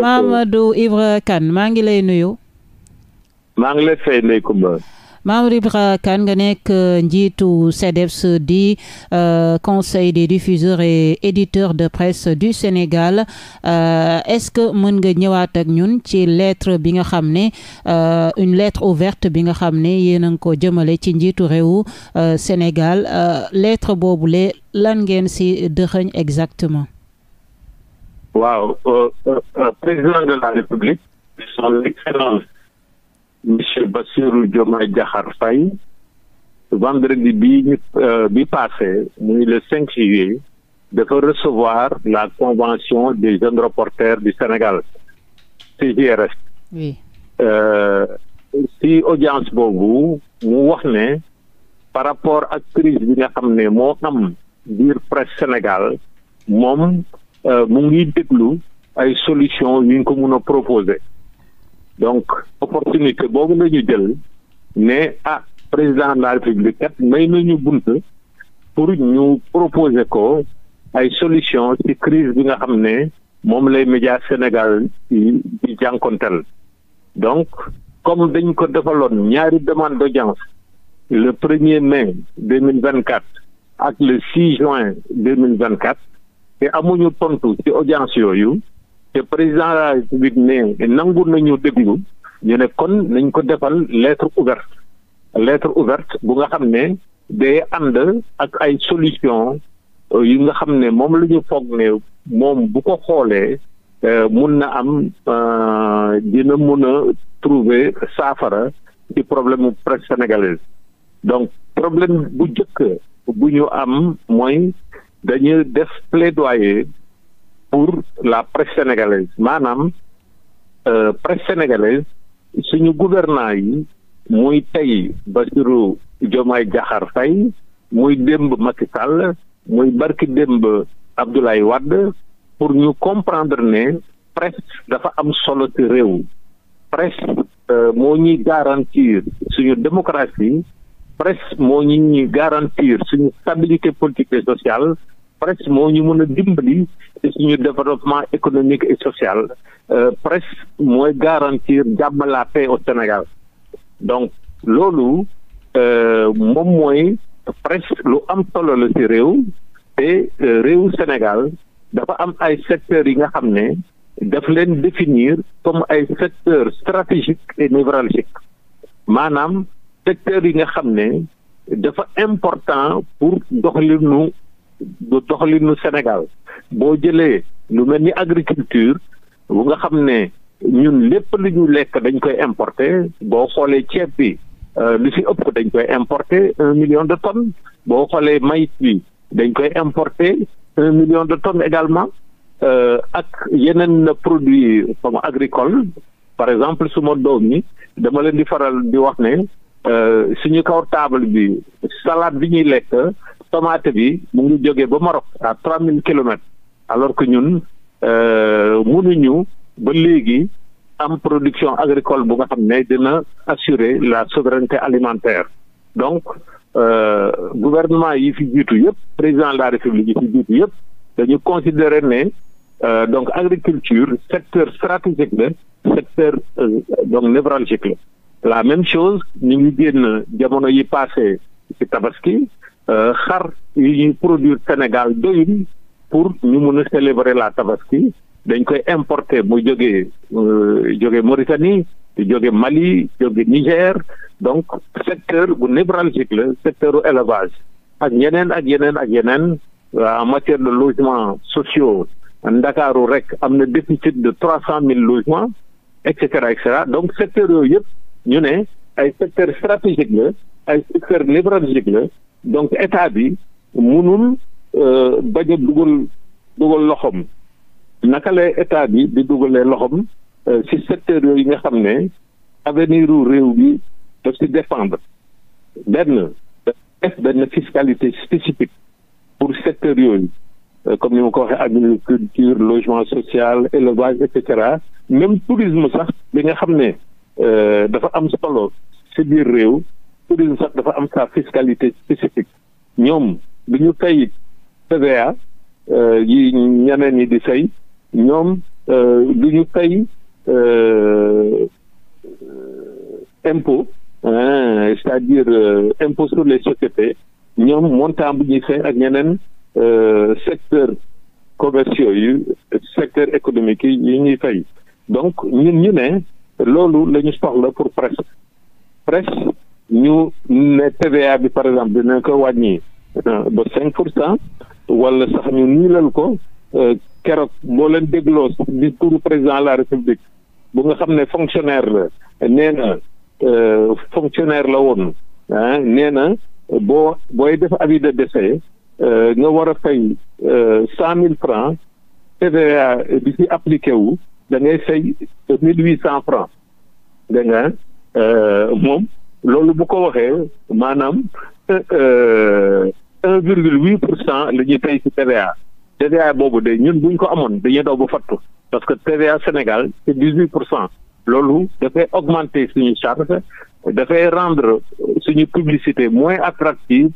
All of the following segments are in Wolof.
Mamadou Ibra Kane maa ngi lay nuyu. maa ngi lay fay Ndeye Comba. Mamadou Ibra nga nekk euh, njiitu CDEPS di euh, conseil des diffuseurs et éditeurs de presse du Sénégal euh, est-ce que mën nga ñëwaat ak ñun ci lettre bi nga xam ne une lettre ouverte bi nga xam ne yéen a ngi ko jëmale ci njiitu réewu Sénégal lettre boobule lan ngeen si dëxëñ exactement. waaw euh, euh, euh, président de la république son excellence monsieur Bassirou Diomaye Diakhar Faye vendredi bi ñu bi passé muy le cinq juillet dafa recevoir la convention de jeunes reporters du Sénégal CJRS oui si audience boobu mu wax ne par rapport ak crise bi nga xam ne moo am biir presse Sénégal moom Euh, mu ngi déglu ay solution yu ñu ko mën a proposer donc opportunité boobu la ñu jël ne ah président de la république kat may nañu bunt pour ñu proposer ko ay solution ci crise bi nga xam ne moom lay média Sénégal di jànkonteel donc comme dañ ko defaloon ñaari demande d'audience le premier mai deux mille vingt quatre ak le six juin deux mille vingt quatre te amuñu tontu ci audience yooyu te président de la République ne nangu nañu déglu ñu ne kon nañ ko defal lettre ouverte lettre ouverte bu nga xam ne day ànd ak ay solution euh, yu nga xam ne moom la ñu foog ne moom bu ko xoolee euh, mun na am euh, dina mun a trouver saafara ci problème mu presse sénégalaise donc problème bu njëkk bu ñu am mooy dañuy def plaidoyer pour la presse sénégalaise maanaam euh, presse sénégalaise suñu gouvernant yi muy tey Bassirou Diomaye Diakhar Faye muy démb Macky Sall muy barki démb Abdoulaye Wade pour ñu comprendre ne presse dafa am solo ci réew presse euh, moo ñuy garantir suñu démocratie presse moo ñu ñuy garantir suñu stabilité politique et sociale presse moo ñu mën a dimbali suñu développement économique et sociale euh, presse mooy garantir jàmm la paix au Sénégal donc loolu euh, moom mooy presse lu am solo la ci réew te euh, réewu Sénégal dafa am ay secteurs yi nga xam ne daf leen définir comme ay secteurs stratégiques et névralgiques maanaam secteurs yi nga xam ne dafa important pour doxalinu doxalinu Sénégal boo jëlee lu mel ni agriculture bu nga xam ne ñun lépp lu ñu lekk dañ koy importer boo xoolee ceeb bi euh, lu ci ëpp ko dañ koy importer un million de tonnes boo xoolee may bi dañ koy importer un million de tonnes également euh, ak yeneen produit comme agricole par exemple suma doom yi dama leen di faral di wax ne Euh, suñu kaw table bi salade bi ñuy lekk tomate bi mu ngi jógee ba Maroc à trois mille kilomètres alors que ñun euh, mënuñu ba léegi am production agricole bu nga xam ne dina assurer la souveraineté alimentaire donc euh, gouvernement yi fi jiitu yëpp président la république yi fi jiitu yëpp dañu considérer ne euh, donc agriculture secteur stratégique la secteur euh, donc névralgique la la même chose ñu ngi génn jamono yi passé ci tabaski euh, xar yi ñuy produire Sénégal doyul pour ñu mun a célébrer la tabaski dañ koy importer mu jóge euh, jóge Mauritanie jóge Mali jóge Niger donc secteur bu névralgique la secteur élevage ak yeneen ak yeneen ak yeneen en matière de logements sociaux Ndakaaru rek am na déficit de trois cent mille logements et cetera et donc secteur yooyu yëpp ñu ne ay secteur stratégique la ay secteur névralgique la donc état bi mënul euh, bañ a dugal dugal loxoom naka la état bi di dugalee loxoom ci euh, secteur yooyu nga xam ne avenir réew bi daf ci dépendre benn def benn fiscalité spécifique pour secteur yooyu euh, comme ni ma ko waxee agriculture logement social élevage et cetera même tourisme sax bi nga xam ne Euh, dafa am solo si biir réew tourisme sax dafa am sa fiscalité spécifique ñoom du ñu fay TVA euh, yi ñeneen yi di fay ñoom euh, du ñu fay impôt c'est-à-dire impôt sur les sociétés ñoom montant bu ñuy fay ak ñeneen secteur commerciaux yi secteur économique yi ñuy fay donc ñun ñu ne loolu la ñu soxla pour presse presse ñu ne TVA bi par exemple dina ko wàññi euh, ba cinq pour cent wala sax ñu niilal ko euh, keroog boo leen dégloo discours président de la république bu nga xam ne fonctionnaire la nee na euh, fonctionnaire la woon ah nee na boo booy def avis de décès nga war a fay cent mille francs TVA bi ci appliqué da ngay fay mille huit cent francs da nga euh, moom loolu bu ko waxee maanaam euh, un virgule huit pour cent la ñuy fay ci TVA TVA boobu de ñun buñ ko amoon dañuy daw ba fattu parce que TVA Sénégal c'est dix huit pour cent loolu dafay augmenter suñu charge dafay rendre suñu publicité moins attractive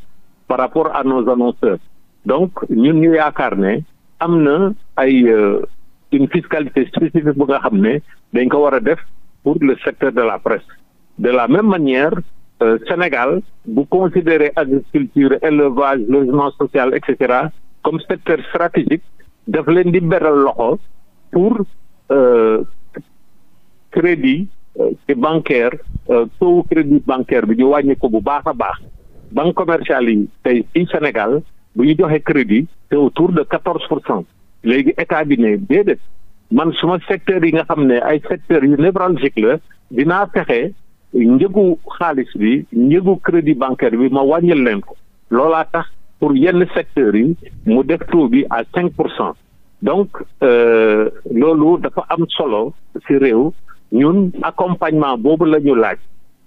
par rapport à nos annonceurs donc ñun ñu yaakaar ne am na ay euh, une fiscalité spécifique bu nga xam ne dañ ko war a def pour le secteur de la presse de la même manière euh, Sénégal bu considérer agriculture élevage logement social et cetera comme secteur stratégique daf leen di beral loxo pour euh, crédit ci euh, bancaire euh, taux crédit bancaire bi ñu wàññi bu baax a baax banque commerciale yi tey fii Sénégal bu ñu joxee crédit c'est autour de quatorze pour cent léegi état bi ne déedéet man suma secteur yi nga xam ne ay secteurs yu névralgique la dinaa fexe njëgu xaalis bi njëgu crédit bancaire bi ma wàññil leen ko loolaa tax pour yenn secteurs yi mu def taux bi à cinq pour cent donc euh, loolu dafa am solo ci réew ñun accompagnement boobu la ñu laaj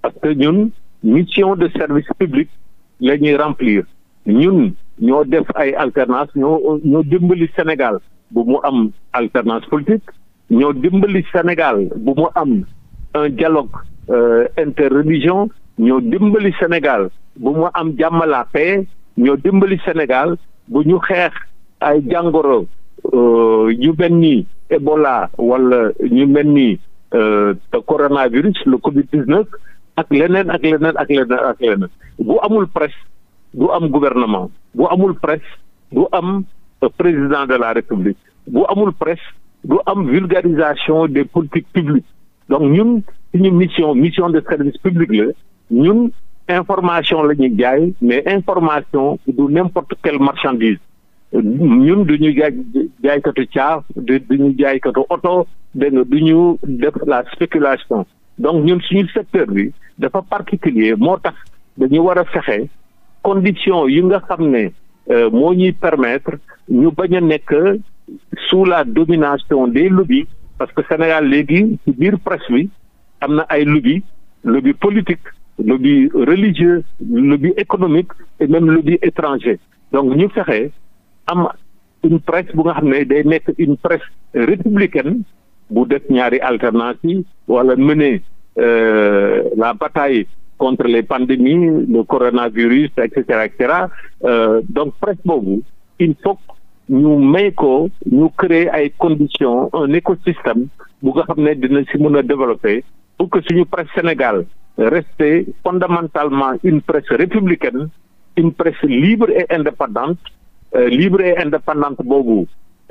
parce que ñun mission de service public la ñuy remplir ñun ñoo def ay alternance ñoo ñoo dimbali Sénégal bu mu am alternance politique dimbali Sénégal bu am un dialogue euh, interreligion ñoo dimbali Sénégal bu mu am jàmm paix ñoo dimbali Sénégal bu ñu xeex ay jàngoro ñu euh, mel ni Ebola wala ñu mel ni te euh, coronavirus le Covid 19 ak leneen ak leneen ak leneen ak leneen bu amul presse. du am gouvernement bu amul presse du am euh, président de la république bu amul presse du am vulgarisation des politique publiques donc ñun suñu mission mission de service public la ñun information la ñuy jaay mais information du n'importe quelle marchandise ñun du ñu jaay jaaykatu caaf du ñu jaaykatu oto dégg nga du ñu def la spéculation donc ñun suñu secteur bi dafa particulier moo tax dañu war a fexe conditions yi nga xam ne euh, moo ñuy permettre ñu bañ a nekk sous la domination des lobbies parce que Sénégal léegi ci biir presse bi am na ay lobby lobby politique lobby religieux lobby économique et même lobby étranger donc ñu fexe am une presse bu nga xam ne day nekk une presse républicaine bu def ñaari alternance wala mener euh, la bataille contre les pandémies, le coronavirus, etc. etc. Euh, donc presse boobu il faut ñu may ko ñu créer ay conditions un écosystème bu nga xam ne dina si mën a développer pour que suñu presse Sénégal rester fondamentalement une presse républicaine une presse libre et indépendante euh, libre et indépendante boobu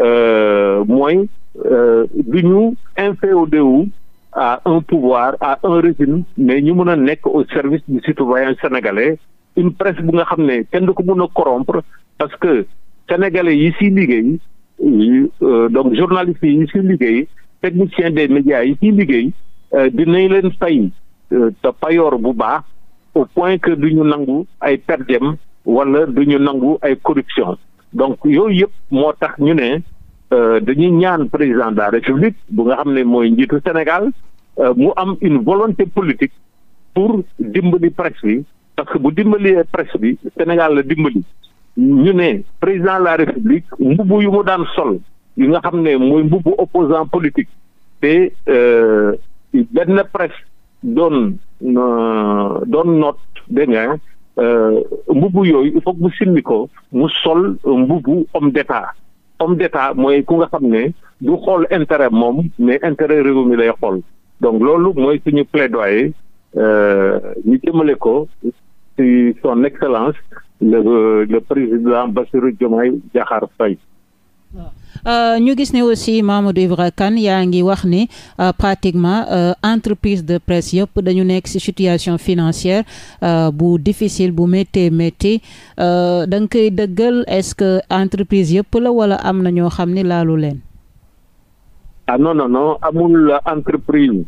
euh, mooy euh, du ñu inféodé wu à un pouvoir à un régime mais ñu mën a nekk au service du citoyen sénégalais une presse bu nga xam ne kenn du ko mën a corrompre parce que sénégalais yi siy liggéey euh, donc journalistes yi siy liggéey technicien des médias yi siy liggéey euh, dinañ leen fay euh, te payoor bu baax au point que du ñu nangu ay perdem wala du ñu nangu ay corruption donc yooyu yëpp moo tax ñu ne Euh, dañuy ñaan président de la république bu nga xam ne mooy njiitu Sénégal euh, mu am une volonté politique pour dimbali presse bi parce que bu dimbalee presse bi Sénégal la dimbali ñu ne président de la république mbubb yu mu daan sol yi nga xam ne mooy mbubbu opposant politique te euh, benn presse doon doon noot dégg nga mbubb yooyu il faut simmi ko mu sol mbubb homme d'état homme d'État mooy ku nga xam ne du xool intérêt moom mais intérêt réew mi lay xool donc loolu mooy suñu plaidoyer euh, ñu jëmale ko ci son excellence le le président Bassirou Diomaye Diakhar Faye ah. Euh, ñu gis ne aussi Mamadou Ibra Kane yaa ngi wax ni euh, pratiquement euh, entreprise de presse yëpp dañu nekk ci situation financière bu difficile bu métti métti da nga koy dëggal est-ce que entreprise yëpp la walla am na ñoo xam ni laalu leen. ah non non non amul entreprise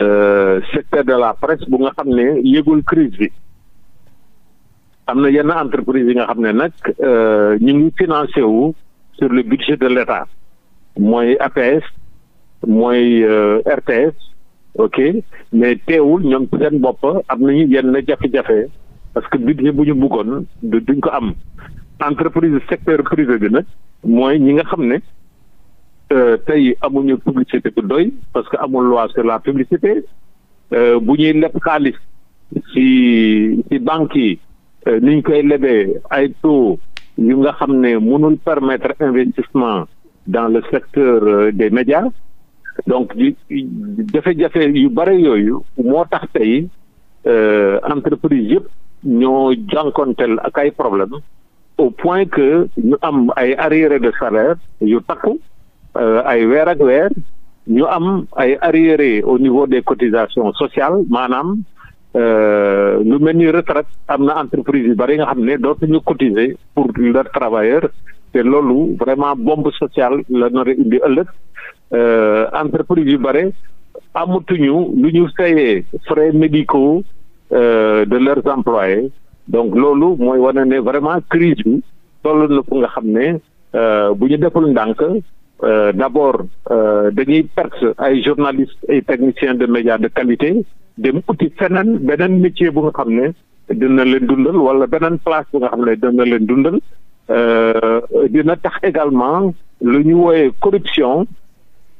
euh, secteur de la presse bu nga xam ne yégul crise bi am na yenn entreprise yi nga xam ne nag ñu ngi financé wu sur le budget de l'État mooy APS mooy euh, RTS ok mais teewul ñoom seen bopp am na ñu yenn jafe-jafe parce que budget bu ñu du duñ ko am entreprise secteur privé bi nag mooy ñi nga xam ne euh, tey amuñu publicité bu doy parce que amul loi sur la publicité euh, bu ñuy leb xaalis ci ci banques yi ni ñu koy lebee ay taux yu nga xam ne mënul permettre investissement dans le secteur euh, des médias donc jafe-jafe yu bare yooyu moo tax tey euh, entreprise yëpp ñoo jànkonteel ak ay problème au point que ñu am ay arriérés de salaire yu takku euh, ay weer ak weer ñu am ay arriérés au niveau des cotisations sociales maanaam Euh, lu mel ni retraite am na entreprise yu bari nga xam ne dootuñu cotiser pour leur travailleur te loolu vraiment bomb social la nar a indi ëllëg euh, entreprise yu bari amatuñu lu ñu fayee frais médicaux euh, de leurs employés donc loolu mooy na ne vraiment crise bi toll na nga xam ne bu ñu deful ndànk Euh, d' abord euh, dañuy perte ay journalistes ay techniciens de médias de qualité dem uti feneen beneen métier bu nga xam ne dina leen dundal wala beneen place bu nga xam ne dina leen dundal euh, dina tax également lu ñuy wooyee corruption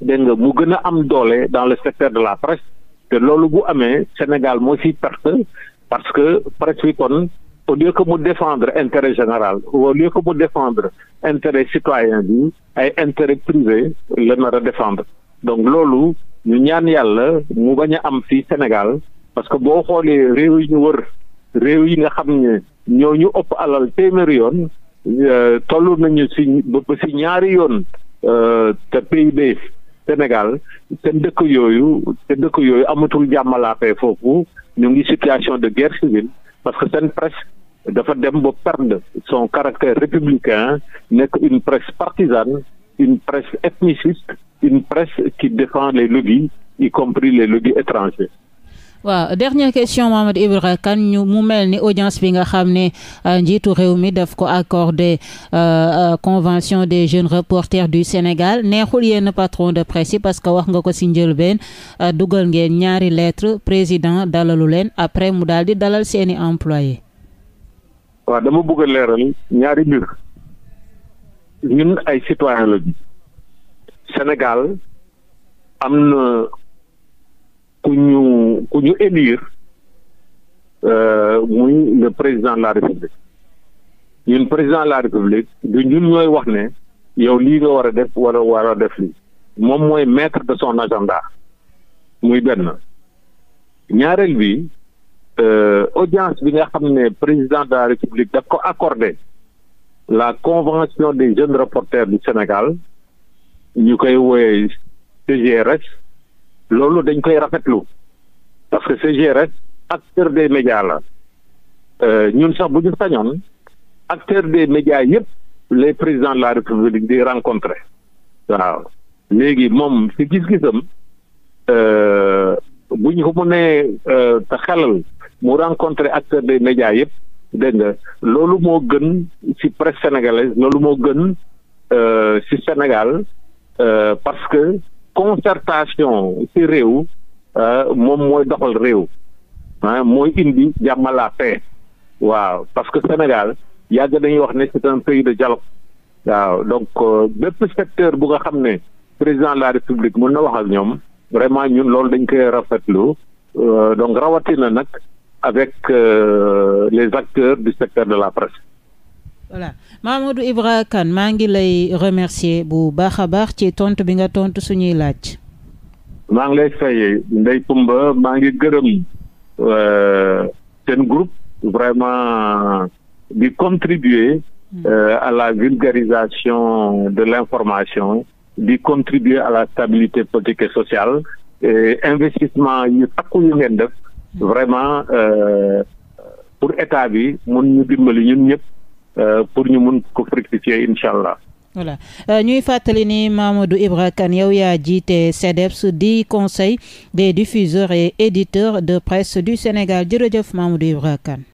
dégg nga mu gën a am doole dans le secteur de la presse te loolu bu amee Sénégal moo ciy perte parce que presse bi au lieu mu défendre intérêt général au lieu que mu défendre intéret citoyen bi ay intérêt privé la nar a défendre donc loolu ñu ñaan yàlla mu bañ a am fii Sénégal parce que boo xoolee réew yi ñu wër réew yi nga xam ne ñoo ñu ëpp alal téeméeri yoon euh, toll nañu si ba si ñaari yoon euh, te PIB Sénégal seen dëkk yooyu te dëkk yooyu amatul jàmmalaatee foofu ñu ngi situation de guerre civile parce que seen presse dafa dem ba perdre son caractère républicain nekk une presse partisane une presse ethniciste une presse qui défend les lobbies y compris les lobbies étrangers dernière question Mamadou Ibra Kane ñu mu mel ni audience bi nga xam ne euh, njiitu réew mi daf ko accordé euh, euh, convention des jeunes reporters du Sénégal neexul yenn patron de presse parce que wax nga ko si njëlbeen dugal ngeen ñaari lettre président dalalu leen après mu daal di dalal seeni employé waa dama bëgg a leeral ñaari mbir ñun ay citoyen la bi Sénégal am na ku ñu ku ñu élire euh, muy le président la république ñun président la république bi ñun ñooy wax ne yow lii nga war a def wala war a def lii moom mooy maître de son agenda muy benn ñaareel bi Euh, audience bi nga xam ne président de la république daf ko accordé la convention des jeunes reporters du Sénégal ñu koy wooye CGRS loolu dañ koy rafetlu parce que CGRS acteur des médias la euh, ñun sax bu ñu sañoon acteur des médias yëpp les président de la république di rencontrer waaw léegi moom ci gis-gisam euh, bu ñu ko mënee te xelal mu rencontré acteurs de médias yëpp dégg nga loolu moo gën ci presse sénégalaise loolu moo gën euh, ci Sénégal euh, parce que concertation ci réew euh, moom mooy doxal réew ah mooy indi jàmm la paix waaw parce que Sénégal yàgg dañuy wax ne c'est un pays de dialogue waaw donc bépp secteur bu nga xam ne président de la République mën na wax ak ñoom vraiment ñun loolu dañ koy rafetlu donc rawatina nag avec euh, les acteurs du secteur de la presse. voilà Mamadou Ibra Kane maa ngi lay remercier bu baax a baax ci tontu bi nga tontu suñuy laaj. maa ngi lay fay Ndeye Comba maa ngi gërëm euh, seen groupe vraiment di contribuer. Hmm. Euh, à la vulgarisation de l'information di contribuer à la stabilité politique et sociale e investissement yu takku yu ngeen def. vraiment euh, pour état bi mun ñu dimbali ñun ñëpp euh, pour ñu mun ko fructifier incha voilà euh, ñuy fàttali ni Mamadou Ibra Kane yow yaa jiite CDEPS di conseil des diffuseurs et éditeurs de presse du Sénégal jërëjëf Mamadou Ibra Kane